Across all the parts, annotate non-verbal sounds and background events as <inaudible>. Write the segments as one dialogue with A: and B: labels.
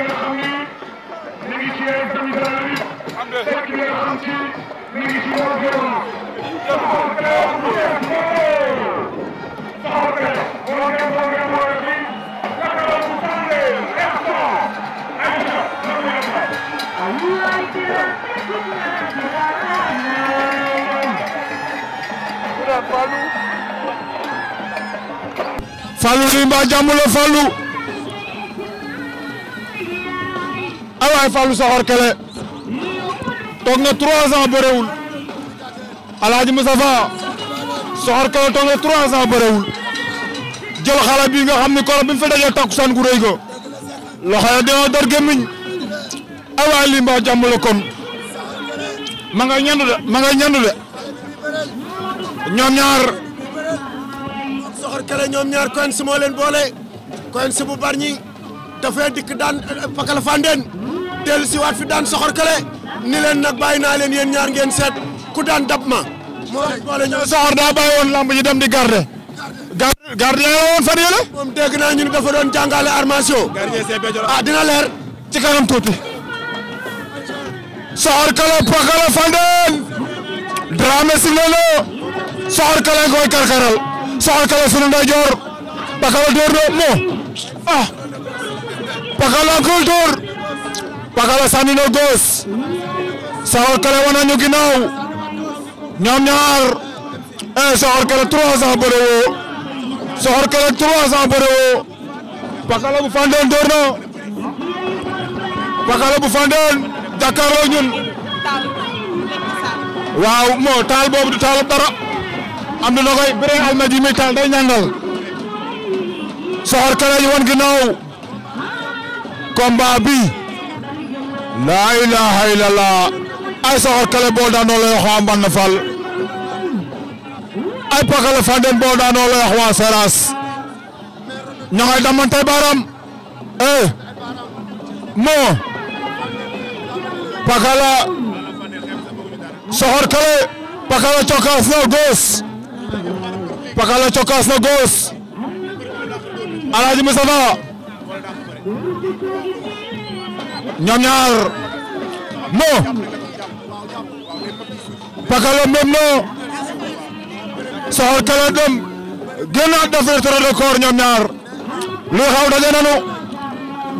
A: nga xam ni ñu ngi ci yéen tamit daal bi fekk nga xam ci ñu ngi ci yoon yoon saxaw kër bu yees moom saxaw kër boo ngeen boo ngeen wooye fi naka la mu sànne instant ay na loolu yàlla Fallou li mbaa jàmm la Fallou ay waay e Fallou Sokhor Kelle toog na e 3 ans bërewul Alaaji mustafa Sokhor Kelle toog na e 3 ans bërewul jël xala bi nga xamni ko koro bi mu fi dajee takkusaan gu reey go loxo ya dina dor gémmiñ ay waay lii mbaa jàmm kon ma nga ñandu de ma nga ñandu de ñom ñaar Sokhor Kelle ñom ñaar Quench moo leen boole Quench bu da dafay dik dan eh, eh, pakal Fandène dellu si waat fi daan soxor kale ni leen nag bàyyi naa leen yéen ñaar ngeen seet ku daan dab ma. moo daa bàyyi woon lamb dem di garde garde garde yaa woon fan yële. moom dégg naa ñu ne dafa doon jàngale armation. ah dina leer ci kanam tuuti. soxor kale pakala fandeen Dramé si loolu soxor kale koy karkaral soxor kale sunu ndeyjoor pakala door do mo ah pakala kul pakala sànni na góos soxor kele wana ñu ginnaaw ñoom ñaar eh soxor kele trois ans bëre soxor kele trois ans bëre woo pakala bu fandeen door na pakala bu fandeen jàkkaarloo ñun waaw moo taal boobu du taalub dara am na koy béré almaji mi taal day ñangal soxor kele yi wan ginnaaw combat laa ilaaha illallah ay soxor kale boo daanoo lay wax waa Mbane Fall ay pakale fanden boo daanoo lay wax waa Seras ña ngay damante baram eh moo pakala soxor kale pakala cokaas na góos pakala cokaas na góos Alaaji Mustafa ñoom ñaar non Pakala même non soxor kala dem gënaat defar trop de corps ñoom ñaar lu xaw daje nanu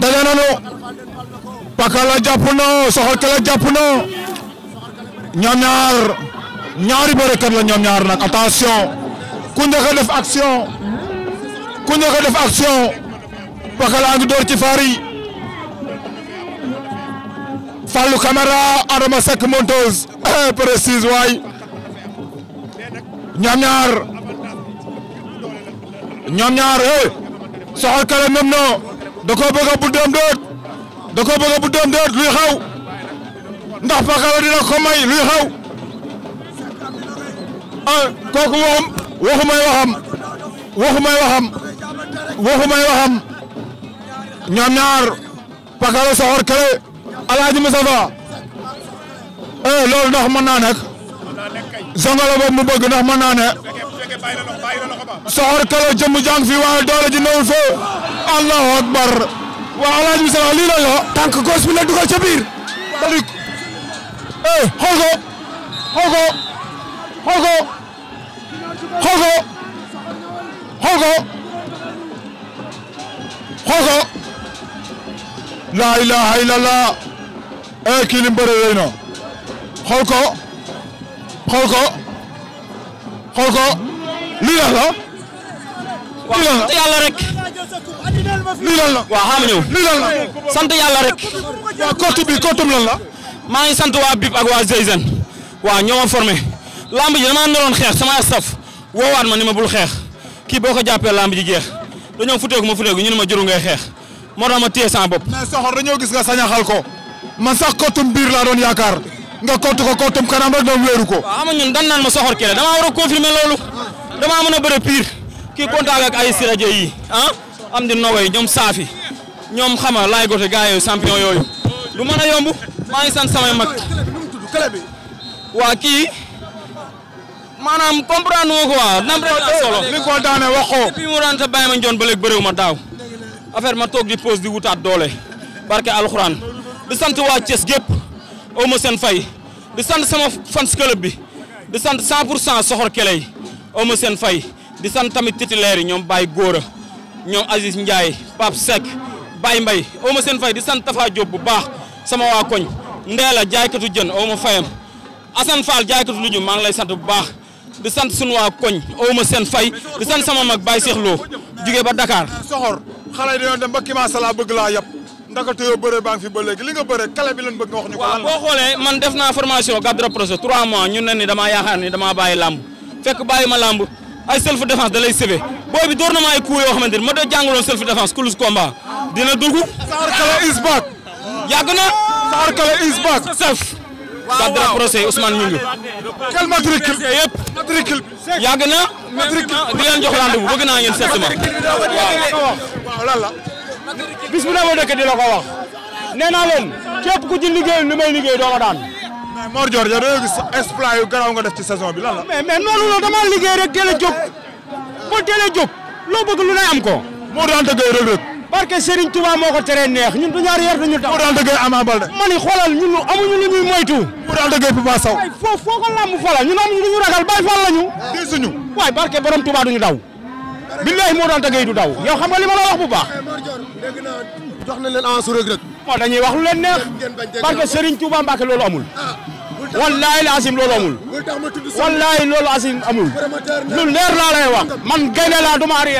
A: daje nanu Pakala jàpp na soxor kala jàpp na ñoom ñaar ñaari bërëkat la ñoom ñaar na attention ku njëkk a def action ku njëkk a def action Pakala a ngi door ci faar Fallou Camara Adama Seck Monteuse <coughs> précise waay ñoom ñaar ñoom ñaar eh soxor kala ñoom ñoo da koo bëgg a bu doom doot da koo bëgg a bu luy xaw ndax Pakala dina ko luy xaw eh, kooku waxum waxumay waxam waxumay waxam waxumay waxam ñoom ñaar Pakala soxor kala. Alaaji Moustapha eh loolu ndax mën naa nekk zongala boobu mu bëgg ndax mën naa ne soxor kala jëmm jàng fi waaye doole ji néew fee allahu akbar waaw Alaaji Moustapha lii la yo tànk gos bi la dugal ca biir dadik eh xool ko xool ko xool ko xool ko xool ko xool ko la ilaha illallah eh kii lim bëre yooyu noonu xool ko xool ko xool ko lii lan la. lii
B: lan la sant yàlla rek. lii lan la waaw xaaral ñëw lii lan la. sant yàlla rek. waaw kootu bi kootum lan la. maa ngi sant waa BIP ak waa Zeyzen waaw ñoo formé lamb ji damaa naroon xeex sama staff woowaat ma ni ma bul xeex kii boo ko jàppee lamb ji jeex dañoo futeeku ma futeeku ñu ne ma juru ngay xeex moo tax ma téye sama bopp. mais soxor dañoo gis nga sañaxal ko. man sax kottum biir laa doon yaakaar nga kottu ko kottum kanam rek doon wéeru ko. waaw ama ñun dan naan ma soxor kii la damaa war a confirmer loolu damaa mën a bëre pire kii contact ak ay sirajo yi ah am di nogoy ñoom saafi ñoom xama laay gote gars yooyu yooyu du mën a yomb maa ngi sant samay mag waa kii maanaam comprendre moo ko waa nam rek la solo li ko daane waxoo depuis mu ranta bàyyi ma njoon ba léegi ma daaw affaire ma toog di pause di wutaat doole barke alxuraan di sant waa Thiès gépp au ma seen fay di sant sama fans club bi di sant 100 pour cent soxor kele yi au ma seen fay di sant tamit titulaire yi ñoom Baye Gora ñoom Aziz Ndiaye Pape Seck Baye mbay au ma seen fay di sant Tafa Diop bu baax sama waa koñ Ndéla jaaykatu jën au ma fayam Assane Fall jaaykatu luju maa ngi lay sant bu baax di sant sunu waa koñ au ma seen fay di sant sama mag Baye Cheikh Lo jugee ba dakaar soxor xale yi dañoo dem ba Kima Sala bëgg laa yab. ndakatuyoo bëre baa ngi fi ba léegi li nga bëre kale bi lañ bëgg nga wax ñu ko waaw boo xoolee man def naa formation cadre trois mois ñun ne ni damaa yaakaar ni damaa bàyyi làmb fekk bàyyi ma làmb ay self défense da lay sëbe booy bi door na ma ay coups yoo xamante ni ma doon jàngaloon self défense kulus combat dina dugg saar na saar jox rendez-vous
A: bëgg naa ngeen la bis bu ne ma
B: di la ko wax neena len kep ku ci liggéey li may liggéey do ko daan. mais Mor jor yow dañoo gis exploit yu graw nga def ci saison bi lan la. mais mais nonu la damaa liggéey rek teel a ko boo teel lo jóg bëgg lu ne am ko. moo daan dëggee rek rek. barke Serigne Touba moko téré neex ñun du ñaar yar dañu tax. moo daan dëggee am abal de mani xolal ñun amuñu lu ñuy moytu. moo daan dëggee Papa Sow. saw fo fo ko lamb fa la ñun amuñu lu ñu ragal bay fa la ñu. way waay barke borom Touba duñu daw. billahi moo daan dëggee du daw yow xam nga li ma la wax bu baax. dégg naa jox nañ leen avance Reug Reug.
A: moo dañuy wax lu leen neex. parce que Serigne Touba
B: Mbacke loolu amul. Ah, wallaay la asim loolu amul.
A: wallaay loolu asim amul. lu leer laa lay wax man gaynde laa duma arrière